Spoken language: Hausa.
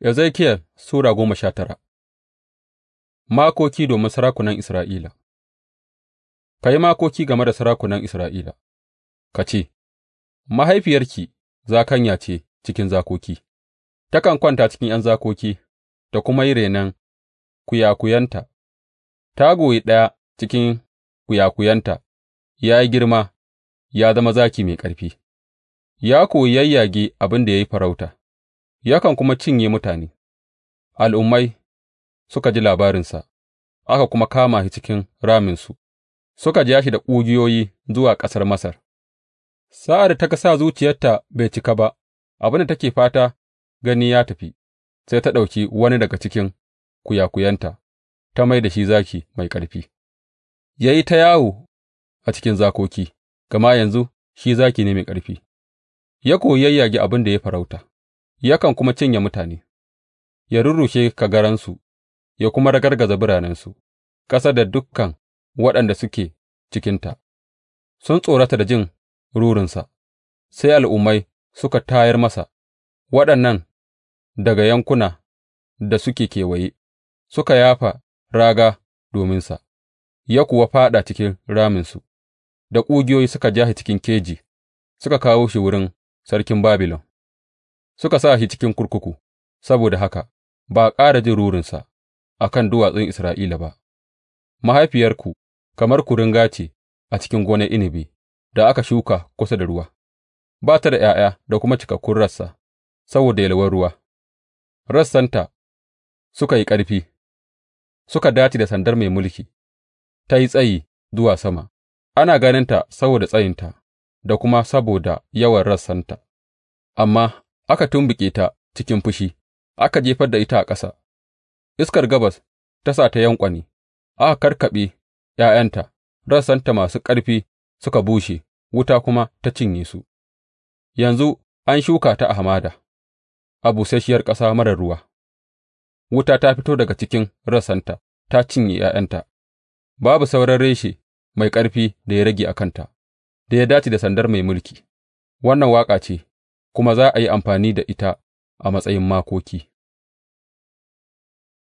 Ezekiyel Sura goma sha tara Makoki domin sarakunan Isra'ila Ka yi makoki game da sarakunan Isra'ila, ka ce, Mahaifiyarki zakanya ce cikin zakoki, takan kwanta cikin ’yan zakoki ta kuma yi renon kuyakuyanta. ta goyi ɗaya cikin kuyakuyanta. ya yi girma, ya zama zaki mai ƙarfi, ya koyi yayyage abin da ya yi farauta. yakan kuma cinye mutane; al'ummai suka ji labarinsa aka kuma kama shi cikin raminsu suka ja shi da ƙugiyoyi zuwa ƙasar Masar, sa'ad da ta ga sa zuciyarta bai cika ba, abin da take fata gani ya tafi, sai ta ɗauki wani daga cikin kuyakuyanta ta mai da shi zaki mai ƙarfi, ya yi ta yawo a cikin zakoki, gama yanzu shi zaki ne mai ƙarfi, ya koyi yayyage abin da ya farauta. yakan kuma cinye mutane, ya rurrushe kagaransu ya kuma ragargaza biranensu, ƙasa da dukan waɗanda suke cikinta sun tsorata da jin rurinsa, sai al'ummai suka tayar masa, waɗannan daga yankuna da suke kewaye suka yafa raga dominsa, ya kuwa fāɗa cikin raminsu, da ƙugiyoyi suka ja shi cikin keji suka kawo shi wurin sarkin Babilon. Suka sa shi cikin kurkuku, saboda haka ba a ƙara jin rurinsa a kan duwatsun Isra'ila ba; mahaifiyarku kamar kuringa ce a cikin gonar inabi da aka shuka kusa da ruwa, ba ta da ’ya'ya da kuma cikakkun rassa saboda yalwar ruwa; rassanta suka yi ƙarfi, suka dace da sandar mai mulki, ta yi tsayi zuwa sama, ana ganinta saboda tsayinta da kuma saboda yawan rassanta, amma aka tumɓuke ta cikin fushi, aka jefar da ita a ƙasa, iskar gabas ta sa ta yanƙwane, aka karkaɓe ’ya'yanta, rassanta masu ƙarfi suka bushe, wuta kuma ta cinye su. Yanzu an shuka ta a hamada, a busasshiyar ƙasa marar ruwa, wuta ta fito daga cikin rassanta ta cinye ’ya'yanta, babu sauran reshe mai ƙarfi da ya rage a kanta, da ya dace da sandar mai mulki. Wannan waƙa ce. kuma za a yi amfani da ita a matsayin makoki.